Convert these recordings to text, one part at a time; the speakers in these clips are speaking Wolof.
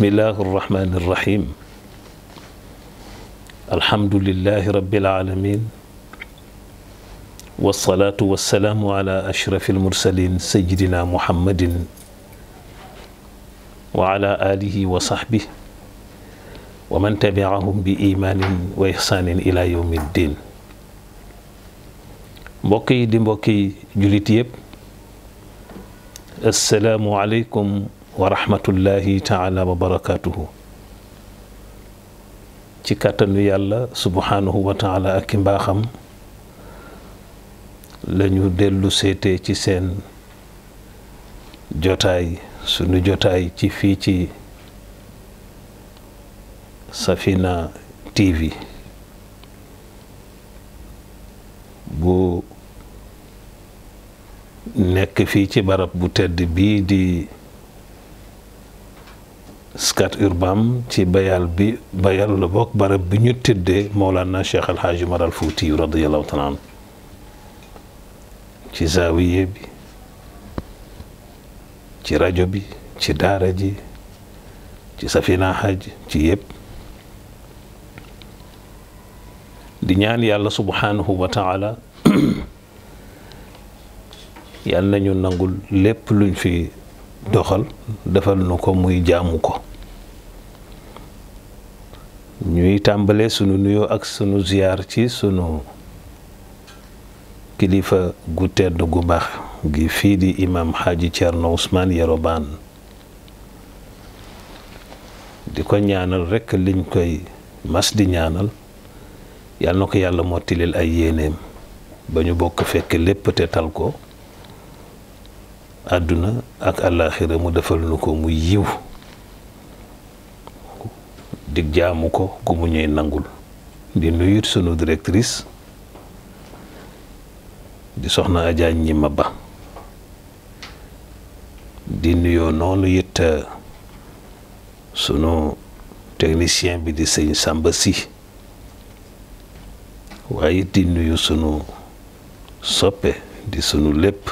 بسم الله الرحمن الرحيم الحمد لله رب العالمين والصلاة والسلام على أشرف المرسلين سيدنا محمد وعلى آله وصحبه ومن تبعهم بإيمان وإحسان إلى يوم الدين بقي دي بقي السلام عليكم wa rahmatullahi taala wa barakaatuhu ci kàttanu yàlla subhaanahu wa taala ak mbaaxam lañu dellu seete ci seen jotaay sunu jotaay ci fii ci Safina TV bu nekk fii ci barab bu tedd bii di Scat Urbam ci bayal bi bayal la bokk barab bi ñu tëddee Mawlana Cheikh El Hadj Umar Al Fouti radiyallahu ci zaawiye bi ci rajo bi ci daara ji ci safina haj ci yëpp di ñaan yàlla subhaanahu wa taala yàlla nañu nangul lépp luñ fi doxal defal nu ko muy jaamu ko ñuy tàmbale sunu nuyoo ak sunu ziyaar ci sunu kilifa gu tedd gu baax gi fii di imam xaaji Thierno Ousmane Yoroban di ko ñaanal rekk liñ koy mas di ñaanal yal na ko yàlla mottilil ay yéeneem ba ñu bokk fekk lépp te tal ko àdduna ak àllaaxira mu defal nu ko mu yiw di jaamu ko ku mu nangul di nuyut sunu directrice di soxna aja ñi ma ba di nuyo nonu yitt euh, sunu technicien bi di seigne samba si waye di nuyu sunu soppe di sunu lepp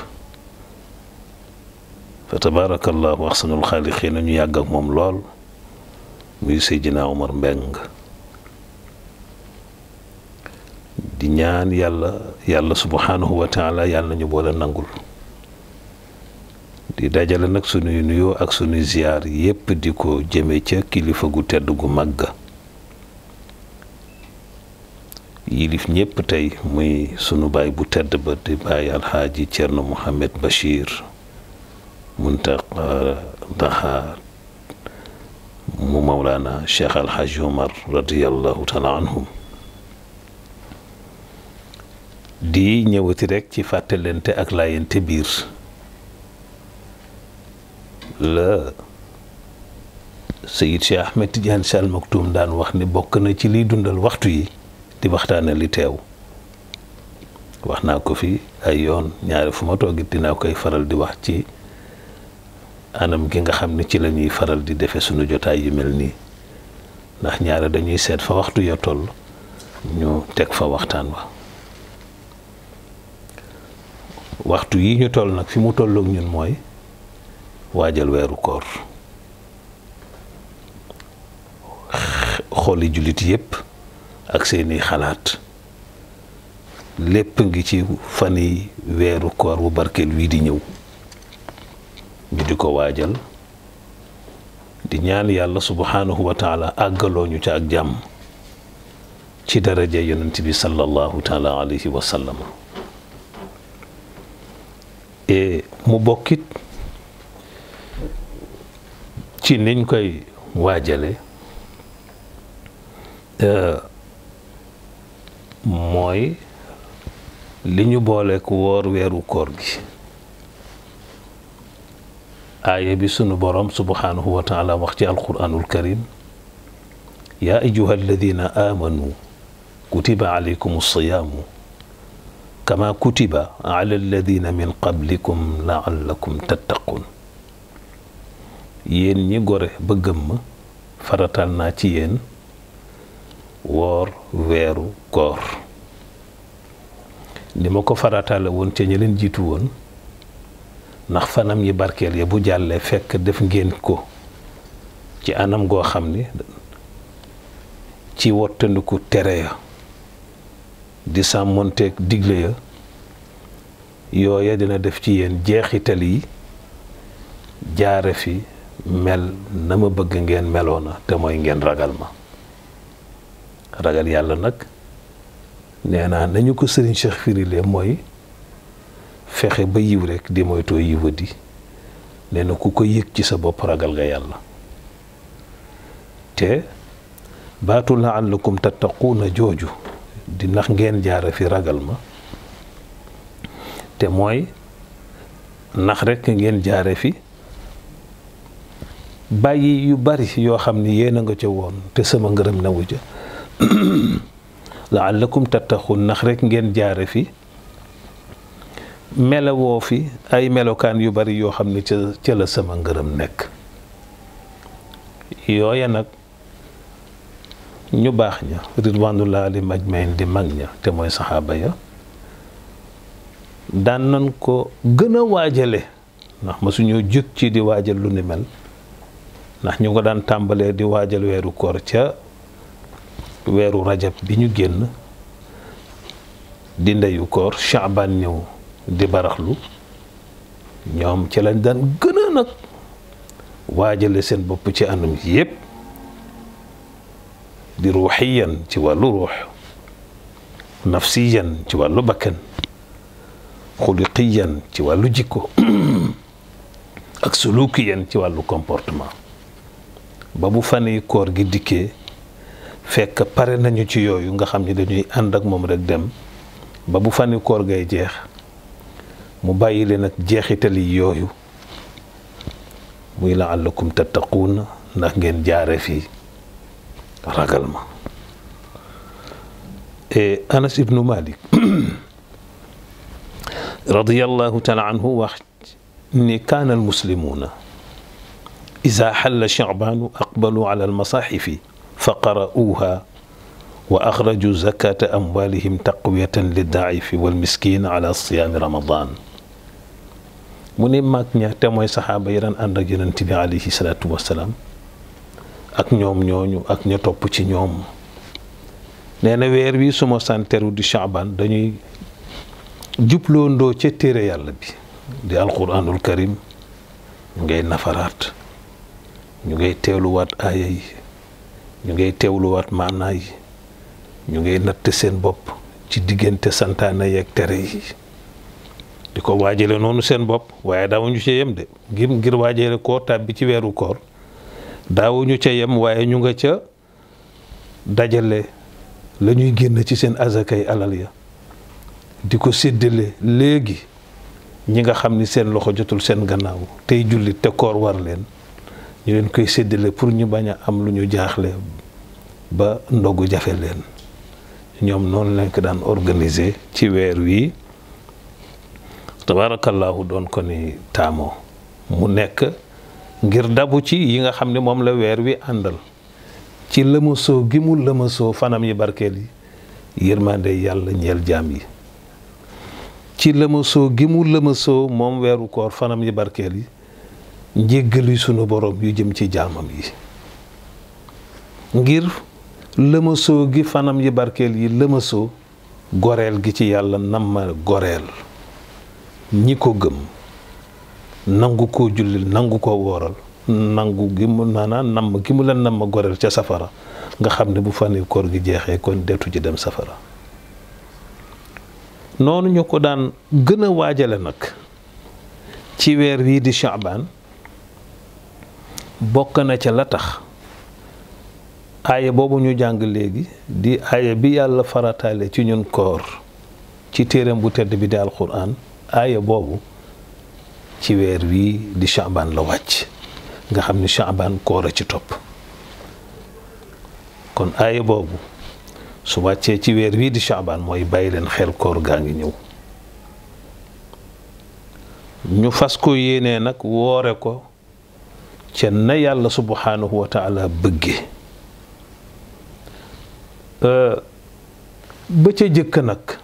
fa wa ahsanul khaliqin ñu yàgg ak mom lool muy Seydina Omar Mbeng di ñaan yàlla yàlla subhanahu wa yàlla ñu boole nangul di dajale nag sunuy nuyoo ak sunuy ziyaar yépp di ko jëme ca kilifa gu tedd gu màgg yilif ñépp tey muy sunu baay bu tedd ba di baay alxaaji Cerno Mohamed Bachir Muntaqa Daha mu mawlaana cheikh alxaaji omar radiallahu taala anhum di ñëwati rek ci fàttalente ak laayante biir la sayid cheikh ahmed tidiane si al daan wax ni bokk na ci liy dundal waxtu yi di waxtaane li teew wax naa ko fi ay yoon ñaari fu ma toogit koy faral di wax ci anam ki nga xam ne ci lañuy faral di defe suñu jotaay yu mel nii ndax ñaare dañuy seet fa waxtu ya toll ñu teg fa waxtaan wa waxtu yi ñu toll nag fi mu tollook ñun mooy waajal weeru koor xooli jullit yépp ak seeni xalaat lépp ngi ci fan yi weeru koor wu barkeel wii di ñëw di ko waajal di ñaan yàlla subhaanahu wa taala àggalooñu ñu ak jàmm ci daraja yonent bi sallallahu taala alayhi wa sallam e mu bokkit ci niñ koy waajale e, mooy li ñu booleek woor weeru koor gi آيه بسن برام سبحانه وتعالى وقت القرآن الكريم يا أيها الذين آمنوا كتب عليكم الصيام كما كتب على الذين من قبلكم لعلكم تتقون يين نيغوري بغم فراتال ناتي يين وور ويرو كور نيمكو فراتال وون تي جيتو وون ndax fanam yi barkeel ya bu jàllee fekk def ngeen ko ci anam goo xam ni ci wottandiku tere ya di sàmmonteeg digle ya yooya dina def ci yéen jeexital yi jaare fi mel na ma bëgg ngeen meloona te mooy ngeen ragal ma ragal yàlla nag nee naa nañu ko sëriñ Cheikh firilee mooy fexe ba yiw rekk di moytoo yiwadi nee na ku ko yëg ci sa bopp ragal nga yàlla te baatu àll laallakum tattaquuna jooju di ndax ngeen jaara fi ragal ma te mooy ndax rek ngeen jaare fi bàyyi yu bari yoo xam ni yéen a nga ca woon te sama ngërëm newu ja laallakum tattaqun ndax rek ngeen jaare fi melawoo fi ay melokaan yu bari yoo xam ne ca ca la sama ngërëm nekk yooya nag ñu baax ña ridwanullah alim ajmain di mag ña te mooy saxaaba ya daan nan ko gën a waajale ndax ma suñu jug ci di waajal lu ni mel ndax ñu ko daan tàmbalee di waajal weeru koor ca weeru rajab bi ñu génn di ndeyu koor shaaban ñëw di baraxlu ñom ci lañ dan gëna nak wajale waajale seen bopp ci anam yépp di ruhiyan ci walu ruh nafsiyan ci walu bakkan khuliqiyan ci walu jikko ak sulukiyan ci walu comportement ba bu fane koor gi diké fekk paré nañu ci yoyu nga xamni dañuy and ak mom rek dem ba bu fane koor gay jeex mu bàyyi leen ak jeexitali yooyu muy la àllakum tattaquun ndax ngeen jaare fii ragal ma anas ibnu malik radiyallahu taala anhu wax ni kaana almuslimuuna ida xalla chabaanu aqbaluu ala almasaxifi fa qara'uuha wa axrajuu zakata amwalihim taqwiyatan liddacifi walmiskin ala siyaami ramadan mu ne mag ña te mooy saxaaba yi daan ànd ak yonent bi alayhi salaatu wasalaam ak ñoom ñooñu ak ña topp ci ñoom nee na weer wi suma santeru di Shaaban dañuy jubloondoo ca téere yàlla bi di alquranul karim ñu ngay nafaraat ñu ngay teewluwaat aaya yi ñu ngay teewluwaat maanaa yi ñu ngay natt seen bopp ci diggante santaane yeeg tere yi di ko waajale noonu seen bopp waaye daawuñu ca yem de ngir ngir waajale koor bi ci weeru koor daawuñu ca yem waaye ñu nga ca dajale la ñuy génn ci seen azakay alal ya di ko séddale léegi ñi nga xam ni seen loxo jotul seen gannaaw tey jullit te koor war leen ñu leen koy séddale pour ñu bañ a am lu ñu jaaxle ba ndogu jafe leen ñoom noonu lañ ko daan organiser ci weer wi tabaarakallaahu doon ko ni taamoo mu nekk ngir dabu ci yi nga xam ni moom la weer wi àndal ci lëmasoo gi mu lëmasoo fanam yi barkeel yi yërmande yàlla ñeel jaam yi ci lëmasoo gi mu lëmasoo moom weeru koor fanam yi barkeel yi njéggalu sunu borom yu jëm ci jaamam yi ngir lëmasoo gi fanam yi barkeel yi lëmasoo goreel gi ci yàlla nam ma goreel ñi ko gëm nangu ko jullil nangu ko wooral nangu gi mu maanaam namm gi mu la namm goreel ca safara nga xam ne bu fani koor gi jeexee kon deetu ci dem safara noonu ñu ko daan gën a waajale nag ci weer wii di Shaaban bokk na ca la tax aaye boobu ñu jàng léegi di aaya bi yàlla farataale ci ñun koor ci téeram bu tedd bi di alxuraan aaya boobu ci weer wii di Chaban la wàcc nga xam ni Chaban koor a ci topp kon aaya boobu su wàccee ci weer wii di shaaban mooy bàyyi leen xel koor gaa ngi ñëw ñu fas ko yéenee nag woore ko ca na yàlla subhanahu wa taala ba ca jëkk nag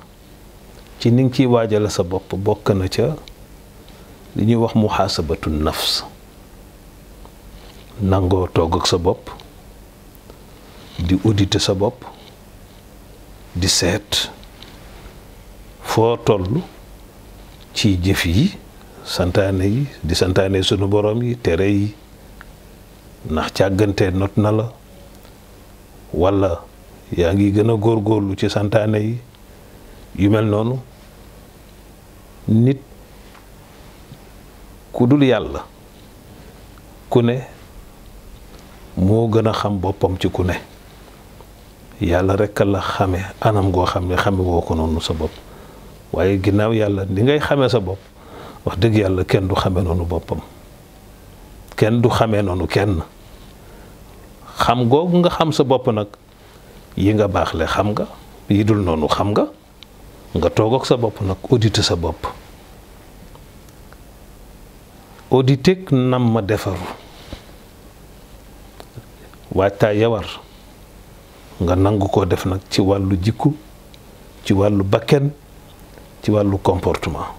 ci ni nga ciy waajal sa bop bok na ca li ñu wax muhaasabatu nafs nango togg ak sa bop di auditer sa bop di set fo tollu ci jëf yi santane yi di santane sunu borom yi téré yi not na la wala ya ngi gën a góorgóorlu ci santane yi yu mel nonu nit ku dul yàlla ku ne moo gën a xam boppam ci ku ne yàlla rekk la xame anam goo xam ne xame woo ko noonu sa bopp waaye ginnaaw yàlla ni ngay xamee sa bopp wax dëgg yàlla kenn du xame noonu boppam kenn du xamee noonu kenn xam googu nga xam sa bopp nag yi nga baax baaxle xam nga yi dul noonu xam nga nga toog ak sa bopp nag auditer sa bopp auditer nam ma defaru waajtaay yawar nga nangu koo def nag ci wàllu jikku ci wàllu bakken ci wàllu comportement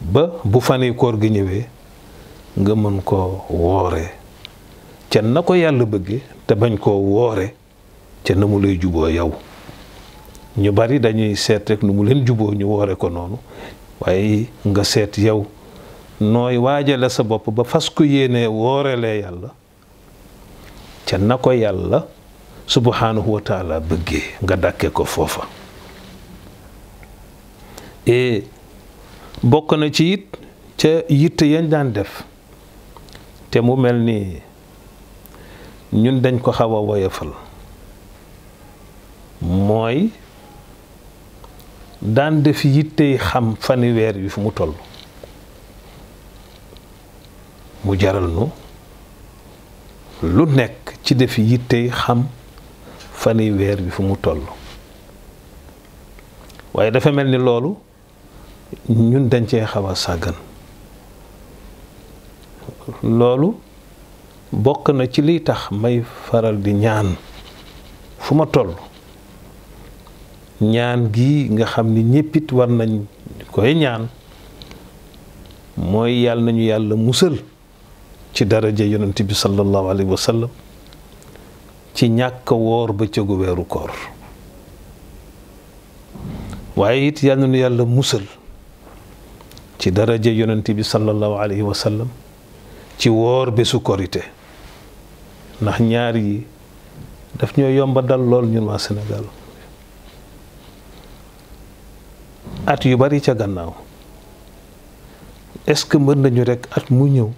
ba bu fani gi ñëwee nga mën koo wooree ca na ko yàlla bëgge te bañ koo woore ca na mu lay juboo yow ñu bari dañuy seet rek nu mu leen juboo ñu woore ko noonu waaye nga seet yow nooy waajale sa bopp ba fas ku yéene woorelee yàlla ca na ko yàlla subhanahu wa taala bëggee nga dàkke ko foofa e bokk na ci yit ca yitte yañ daan def te mu mel ni ñun dañ ko xawa a woyofal mooy daan def yittey xam fani weer fu mu toll mu jaral nu lu nekk ci def yittey xam faniweer weer bi fu mu toll waaye dafa mel ni loolu ñun dañ cee xaw a sàggan loolu bokk na ci liy tax may faral di ñaan fu ma toll ñaan gi nga xam ni ñéppit war nañ koy ñaan mooy yàlla nañu yàlla musal ci daraja yonent bi sallallahu alayhi wa ci ñàkk woor bëccëgu weeru koor waaye it yàlla nañu yàlla musal ci daraja yonent bi sallallahu alayhi wa sallam ci woor bésu korite ndax ñaar yi daf ñoo yomba dal lool ñun waa Sénégal at yu bari ca gannaaw est-ce que mën nañu rekk at mu ñëw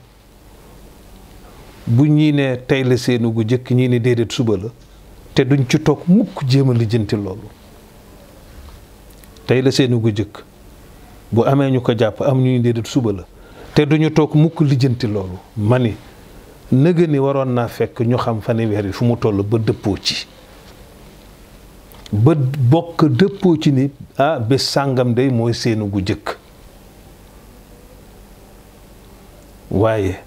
bu ñiinee ne tey la seenu gu jëkk ñii ne déedéet suba la te duñ ci toog mukk jéem a lijjanti loolu tey la seenu gu jëkk bu amee ñu ko jàpp am ñu déedéet suba la te duñu toog mukk lijjanti loolu mani ni ni waroon naa fekk ñu xam fanweer yi fu mu toll ba dëppoo ci ba bokk dëppoo ci ni ah bés sàngam day mooy seenu gu jëkk waaye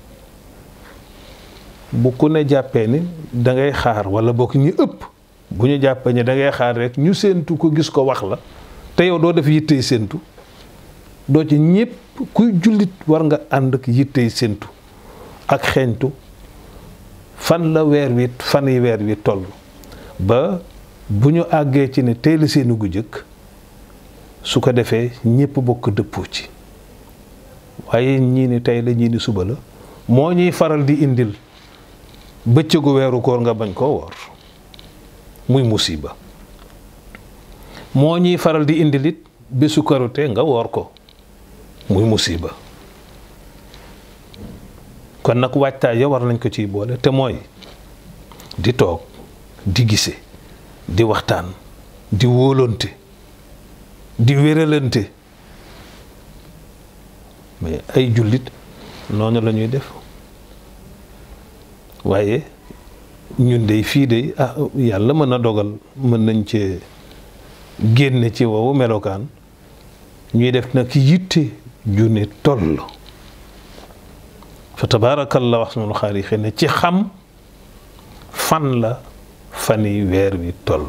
bu ku ne jàppee ni dangay xaar wala bokk ñi ëpp bu ñu jàppee ni dangay xaar rekk ñu séentu ko gis ko wax la te yow doo def yittey séentu doo ci ñépp kuy jullit war nga ànd ak yittey séentu ak xeeñtu fan la weer wi fan yi weer wi toll ba bu ñu àggee ci ne teel seeni gu jëkk su ko defee ñépp bokk dëppoo ci waaye ñiini ni tey la ñii suba la moo ñuy faral di indil bëccëgu weeru koor nga bañ koo woor muy musiba moo ñuy faral di indil it bésu karute nga woor ko muy musiba kon nag waajtaay ya war nañ ko ciy boole te mooy di toog di gise di waxtaan di wóolonte di wéralante mais ay jullit noonu la ñuy def waaye ñun dey fii dey ah yàlla mën a dogal mën nañ cee génne ci wowu melokaan ñuy def nag yitte ju ne toll fa tabaarakallaahu ahsanul xaaliqiin ne ci xam fan la fan yi weer wi toll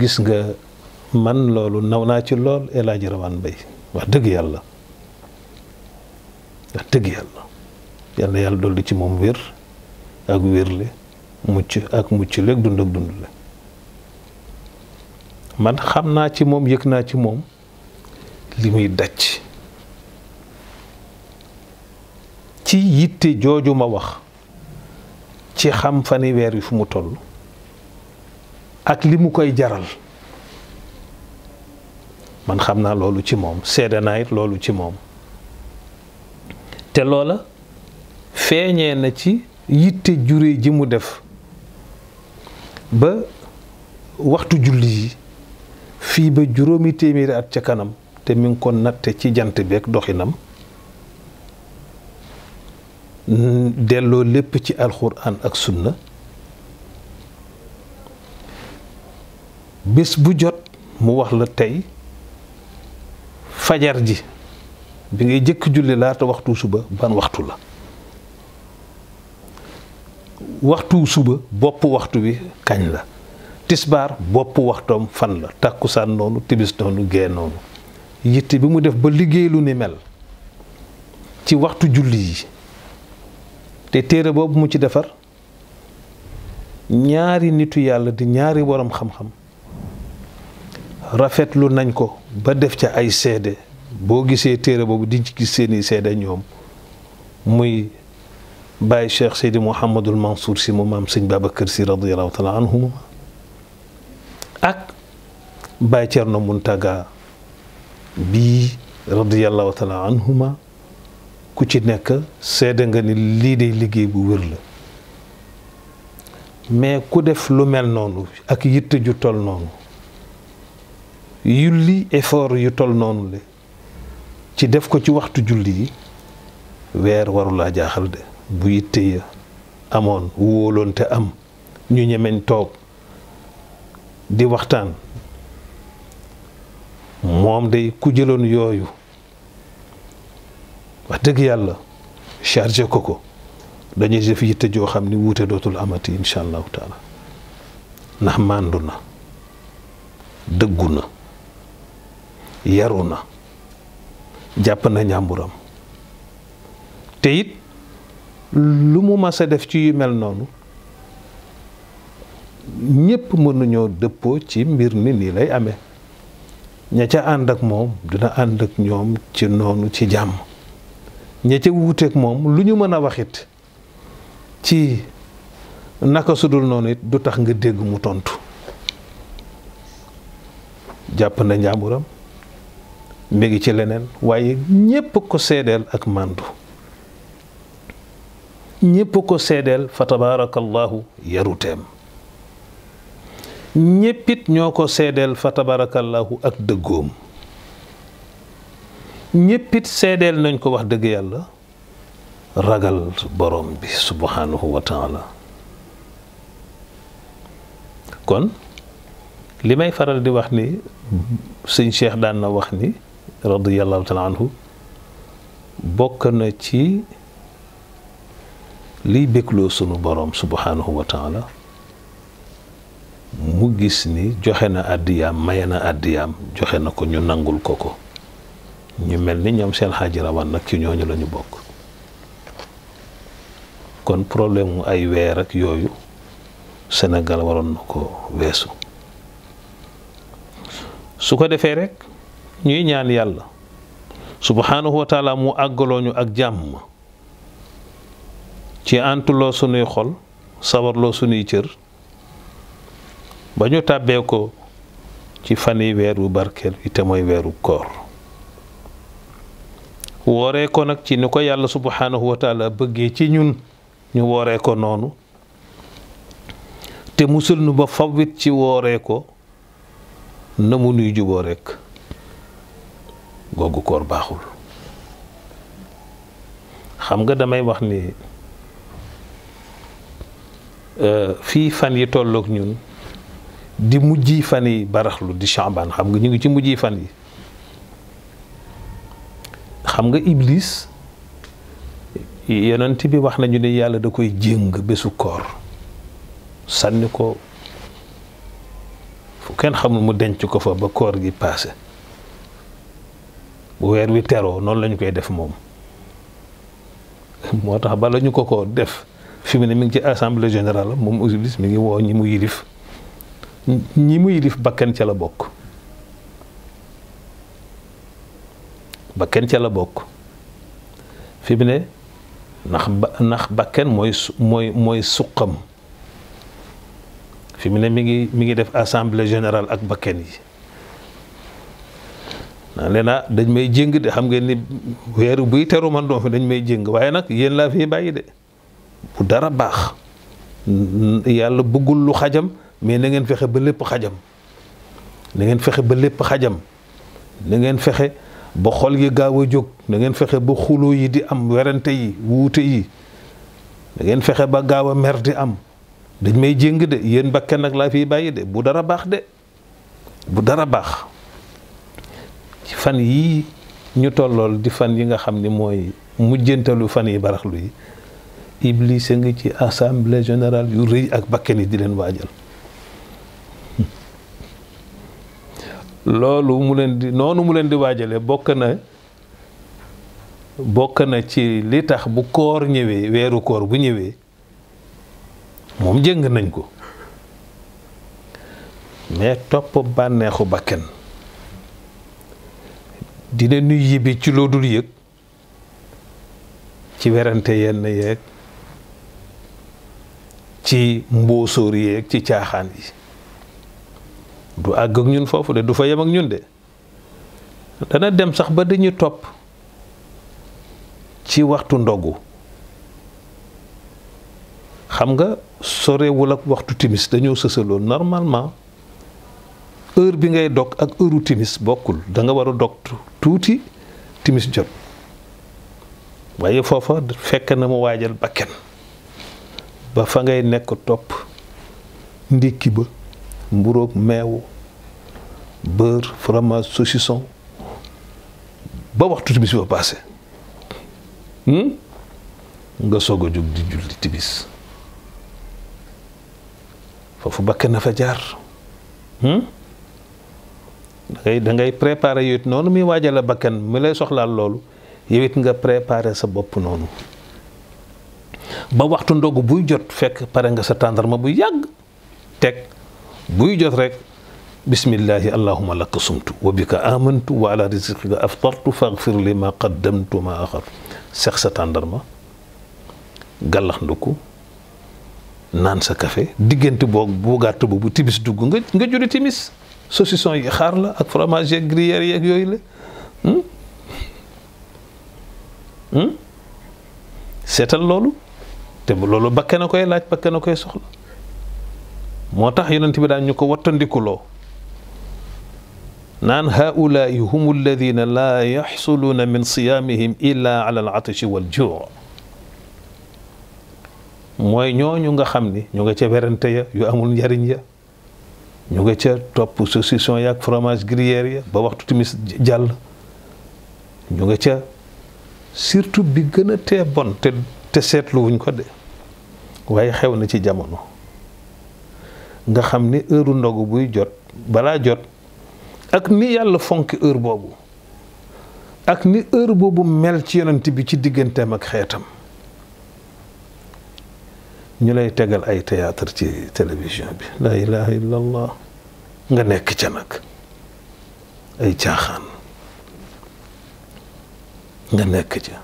gis nga man loolu naw naa ci lool El Hadj Rawane Mbaye wax dëgg yàlla wax dëgg yàlla yàlla yàlla dolli ci moom wér ak wérle mucc ak mucc leeg dund ak dund le man xam naa ci moom yëg naa ci moom li muy daj ci yitte jooju ma wax ci xam fani weer wi fu mu toll ak li mu koy jaral man xam naa loolu ci moom seede loolu ci moom te loola feeñee na ci yitte jure ji mu def ba waxtu julli yi fii ba juróomi téeméeri at ca kanam te mi ngi ko natte ci jant beeg doxinam delloo lépp ci alxuraan ak sunna bés bu jot mu wax la tey fajar ji bi ngay jëkk julli laata waxtu suba ban waxtu la waxtu suba bopp waxtu wi kañ la tisbaar bopp waxtoom fan la tàkkusaan noonu tibis noonu gee noonu yitte bi mu def ba liggéey lu ni mel ci waxtu julli yi te téere boobu mu ci defar ñaari nitu yàlla di ñaari borom xam-xam rafetlu nañ ko ba def ca ay seede boo gisee téere boobu di gis seeni seede ñoom muy bàyyi cheikh seydi mouhamadul mansour si mu maam sëñ babacar si radiallahu taala anhuma ak bàyyi cerno muntaga bii radiallahu taala anhuma ku ci nekk sedd nga ni lii de liggéey bu wér la mais ku def lu mel noonu ak yitte ju toll noonu yulli effort yu tol noonu le ci def ko ci waxtu julli yi weer warulaa jaaxal de bu yitte ya amoon wóoloon te am ñu ñemeñ toog di waxtaan moom day ku jëloon yooyu wax dëgg yàlla chargé ko ko dañuy def yitte joo xam ni wuute dootul amati incha allahu taala ndax màndu na dëggu na yaru na jàpp na ñàmburam te it lu mu mas a def ci yu mel noonu ñépp mënuñoo dëppoo ci mbir mi nii lay ame ña ca ànd ak moom dina ànd ak ñoom ci noonu ci jàmm ña ca wuuteeg moom lu ñu mën a waxit ci naka sudul noonu it du tax nga dégg mu tontu jàpp na njàmburam mi ngi ci leneen waaye ñépp ko seedeel ak màndu ñépp ko seedeel fa tabaarakallaahu yaruteem ñéppit ñoo ko seedeel fa tabaarakallaahu ak dëggoom ñépp it seedeel nañ ko wax dëgg yàlla ragal borom bi subhanahu wa kon li may faral di wax ni sëñ Cheikh daan na wax ni radiyallahu taala anhu bokk na ci liy bégloo sunu borom subhanahu wa taala mu gis ni joxe na àddiyaam maye na àddiyaam joxe na ko ñu nangul ko ko ñu mel ni ñoom seen xaaji rawan nag ci ñooñu la ñu bokk kon problème mu ay weer ak yooyu senegal waroon na ko weesu su ko defee rek ñuy ñaan yàlla subhanahu wa taala mu àggalooñu ak jàmm ci antuloo sunuy xol sawarloo sunuy cër ba ñu tàbbee ko ci fan yi weeru barkeel bi te mooy weeru koor wooree ko nag ci ni ko yàlla subhaanahu wa taala bëggee ci ñun ñu wooree ko noonu te musul nu ba fawwit ci wooree ko na mu nuy juboo rekk googu koor baaxul xam nga damay wax ni euh, fii fan yi tollook ñun di mujj fan yi baraxlu di chambaan xam nga ñu ngi ci mujj fan yi xam nga iblis yonent bi wax nañu ne yàlla da koy jéng bésu koor sànni ko fu kenn xamul mu denc ko fa ba koor gi paase bu weer wi teroo noonu lañu koy def moom moo tax bala ñu ko ko def fi mu ne mi ngi ci assemblée générale moom iblis mi ngi woo ñi mu yilif ñi mu yilif bakkan ca la bokk ba kenn ca la bokk fi mu ne ndax ba ndax bakken mooy mooy mooy suqam fi mu ne mi ngi mi ngi def assemblée général ak bakken yi naa leen ah, dañ may jéng de xam ngeen ni weeru buy teru man doom fi dañ may jéng waaye nag yéen laa fi bàyyi de bu dara baax yàlla bëggul lu xajam mais na ngeen fexe ba lépp xajam na ngeen fexe ba lépp xajam na ngeen fexe ba xol yi gaaw a jóg da fexe ba xuloo yi di am werante yi wuute yi da fexe ba gaaw a mer di am dañ may jéng de yéen bakken nag laa fi bàyyi de bu dara baax de bu dara baax ci fan yii ñu tollool di fan yi nga xam ni mooy mujjantalu fan yi baraxlu yi Iblis a ngi ci assemblée générale yu rëy ak bakken yi di leen waajal loolu mu leen di noonu mu leen di waajale bokk na bokk na ci li tax bu koor ñëwee weeru koor bu ñëwee moom jëng nañ ko mais topp bànneexu bakken dina nuy yibi ci loo dul yëg ci werante yenn yeeg ci mbóosóor yeeg ci caaxaan yi du àgg ak ñun foofu de du fa yem ak ñun de dana dem sax ba dañu topp ci waxtu ndogu xam nga sorewul ak waxtu timis dañoo sësaloo normalement heure bi ngay dog ak heure timis bokkul da nga war a dog tuuti timis jot waaye foofa fekk na mu waajal bakken ba fa ngay nekk topp ndékki ba mburoog meew beur fromage saucisson ba waxtu tibis ba passé hmm? nga soog di di julli tibis fofu bakka na fa jaar hmm? da ngay da ngay préparer yit nonu mi wajala bakkan mi lay soxlaal loolu yewit nga préparer sa bop nonu ba waxtu ndog buy jot fek paré nga sa bu yag tek بوي جوت ريك بسم الله اللهم لك صمت وبك امنت وعلى رزقك افطرت فاغفر لي ما قدمت وما اخر شيخ ستاندرما قال لك نان سا كافي ديغنت بوك بو غات بو تيبس دوغ nga juri timis saucisson yi xaar la ak fromage ak gruyère ak yoy la hmm hmm setal lolou te lolou bakkena koy laaj bakkena koy soxla moo tax yonent bi daan ñu ko wattandikuloo naan haulaai hum alladina laa yaxsuluuna min siyaamihim illa ala al atashi wal mooy ñooñu nga xam ni ñu nga ca werante ya yu amul njariñ ya ñu nga ca topp saucisson yaak fromage gruyère ya ba waxtu timis jàll ñu nga ca surtout bi gën a tee bon te te seetluwuñ ko de waaye xew na ci jamono nga xam ni heure ndogu buy jot balaa jot ak ni yàlla fonk heure boobu ak ni ër boobu mel ci yonent bi ci digganteem ak xeetam ñu lay tegal ay théâtre ci télévision bi laa ilaha illa nga nekk ca nag ay caaxaan nga nekk ca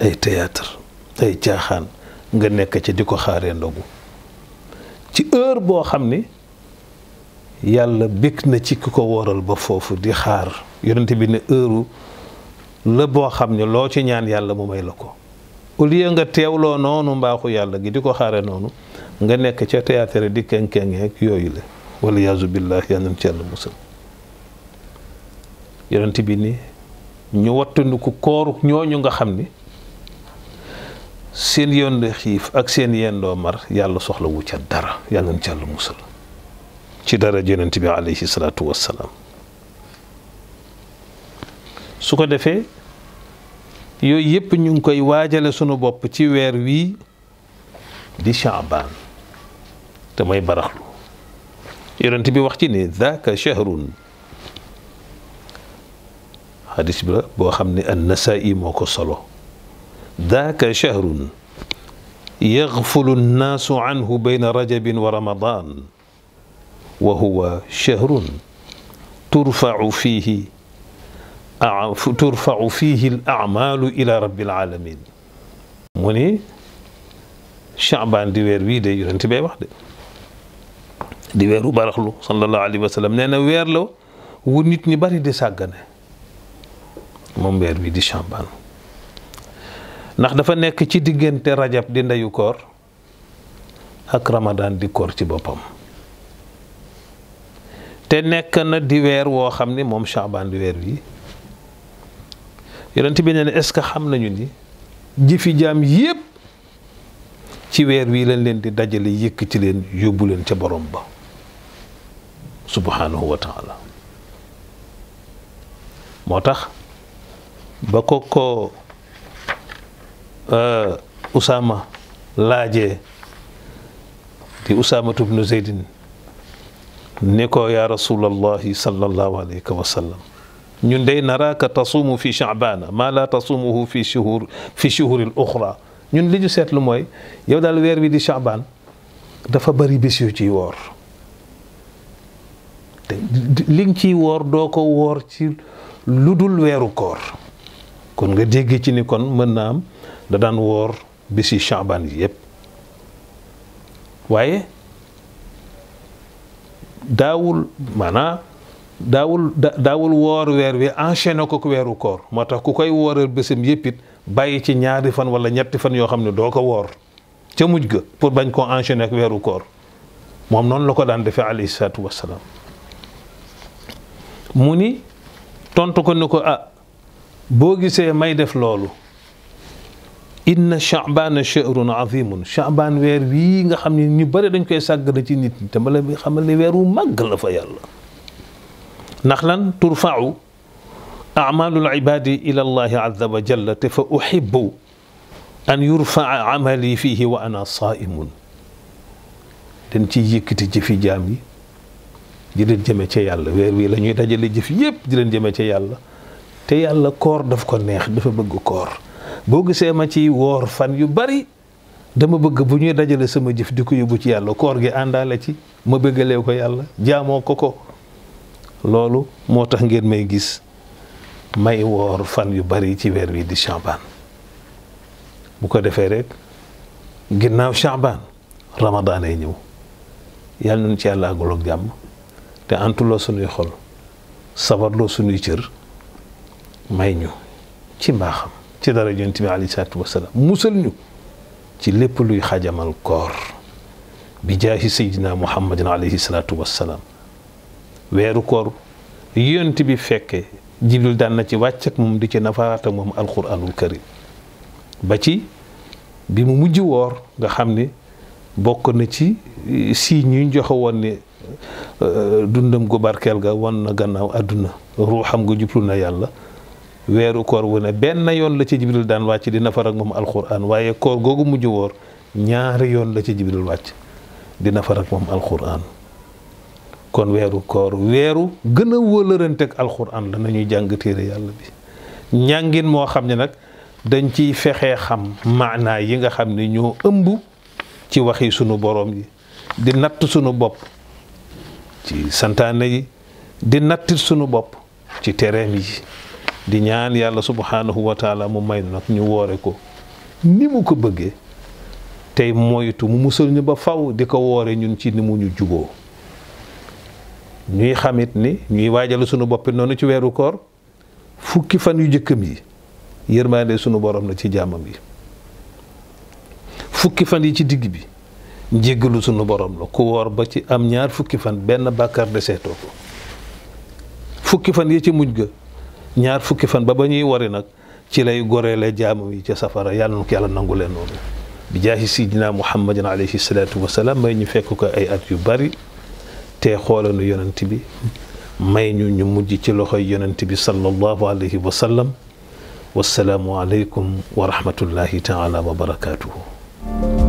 ay théâtre ay caaxaan nga nekk ca di ko xaaree ndogu ci heure boo xam ni yàlla bég na ci ki ko woral ba foofu di xaar yonent bi ne heure la boo xam ne loo ci ñaan yàlla mu may la ko au lieu nga teewloo noonu mbaaxu yàlla gi di ko xaare noonu nga nekk ca théâtre di kenkengeeg yooyu la wala yaasu billah yal nañ ci yàlla musal yonent bi ni ñu wattandiku kooru ñooñu nga xam ni seen yendoo xiif ak seen yendoo mar yàlla soxla wu ca dara yàlla na ca musal ci dara yonent bi alayhi salaatu wassalaam su ko defee yooyu yëpp ñu ngi koy waajale sunu bopp ci weer wii di Shaaban te may baraxlu yonent bi wax ci ni daaka shahrun xadis bi la boo xam ne an-Nasaa'i moo ko solo ذاك شهر يغفل الناس عنه بين رجب ورمضان وهو شهر ترفع فيه ترفع فيه الاعمال الى رب العالمين موني شعبان دي وير وي دي يونت بي واخ دي ويرو بارخلو صلى الله عليه وسلم نينا ويرلو و نيت ني بري دي ساغاني موم وير وي دي شعبان ndax dafa nekk ci diggante rajab di ndeyu koor ak ramadaan di koor ci boppam te nekk na di weer woo xam ni moom Shaabaan di weer wi yonent bi ne ne est-ce que xam nañu ni jëfi jaam yépp ci weer wii lañ leen di dajale yëkk ci leen yóbbu leen ca boroom ba subhanahu wa taala moo tax ba ko ko Usama laajee di Usaamatu bnu Zeydin ni ko yaa rasulallahi sallallahu alayhi wa sallam ñun day naraaka tasuumu fi chaabana maa laa tasuumuhu fi shuhur fi shuhuril uxra ñun li ñu seetlu mooy yow dal wër wi di sha'ban dafa bari bés yu ciy woor te li nga ciy ko wor ci ludul wëru weeru koor kon nga dégg ci ni kon mën naa am da daan woor bisi Chaabaan yi yépp waaye daawul maanaa daawul daawul woor weer wi enchaîné ko weeru koor moo tax ku koy wooral bésam yépp it bàyyi ci ñaari fan wala ñetti fan yoo xam ne doo ko woor ca mujj ga pour bañ koo enchaîné ak weeru koor moom noonu la ko daan defee alayhi salaatu wassalaam mu ni tontu ko ni ko ah boo gisee may def loolu inna chaabana chahrun azimun chaaban weer wii nga xam ne ñu bëri dañ koy sàggana ci nit ñi te ma la xamal ne weer wu màgg la fa yàlla ndax lan turfau amalul ibadi ila allahi azza wa jalla te fa uhibbu an yurfaa amali fihi wa ana saimun dañ ciy yëkkati jëfi jaam yi di leen jëme ca yàlla weer wii la ñuy dajale jëf yépp di leen jëme ca yàlla te yàlla koor daf ko neex dafa bëgg koor boo gisee ma ci woor fan yu bari dama bëgg bu ñuy dajale sama jëf di ko yóbbu ci yàlla koor gi àndaale ci ma bëggalee ko yàlla jaamoo ko ko loolu moo tax ngeen may gis may woor fan yu bari ci weer wii di Chaban bu ko defee rekk ginnaaw Chaban Ramadan ay ñëw yàlla nañ ci yàlla agul jàmm te antuloo sunuy xol sabarloo sunuy cër may ñu ci mbaaxam ci dara yonent bi ci lépp luy xajamal koor bi jaahi sayyidina muhammadin alayhi salaatu wasalaam weeru koor yonent bi fekke jibril daan na ci wàcc ak moom di ci nafaat ak moom ba ci bi mu mujj woor nga xam ni bokk na ci eh, si ñu joxe woon ne eh, dundam gu barkeel ga wan na gannaaw àdduna ruuxam nga jublu na yàlla weeru koor wu ne benn yoon la ci jibril daan wàcc di nafar ak moom alquran waaye koor googu mujj woor ñaari yoon la ci jibril wàcc di nafar ak moom alquran kon weeru koor weeru gën a wóolërante ak alquran la jàng téere yàlla bi ñàngin moo xam ne nag dañ ciy fexee xam maanaa yi nga xam ni ñoo ëmb ci waxi sunu boroom yi di natt sunu bopp ci santaane yi di nattit sunu bopp ci tereem yi di ñaan yàlla subhaanahu wa taala mu may nag ñu woore ko ni mu ko bëggee tey moytu mu musal ñu ba faw di ko woore ñun ci ni mu ñu juboo ñuy xamit ni ñuy waajale sunu boppi noonu ci weeru koor fukki fan yu jëkkam yi yërmaande sunu borom la ci jàmmam yi fukki fan yi ci digg bi njéggalu sunu borom la ku woor ba ci am ñaar fukki fan benn bàkkaar deseetoo ko fukki fan yi ci mujj ga ñaar fukki fan ba ba ñuy wari nag ci lay goreele jaamam yi ca safara yàlla na ko yàlla nangu leen noonu bi jaahi sidina muhammadin alayhi salaatu wasalaam may ñu fekk ko ay at yu bari te xoolanu yonent bi may ñu ñu mujj ci loxo yonent bi sallallahu alayhi wa sallam wassalaamu aleykum wa rahmatullahi taala wa barakatuhu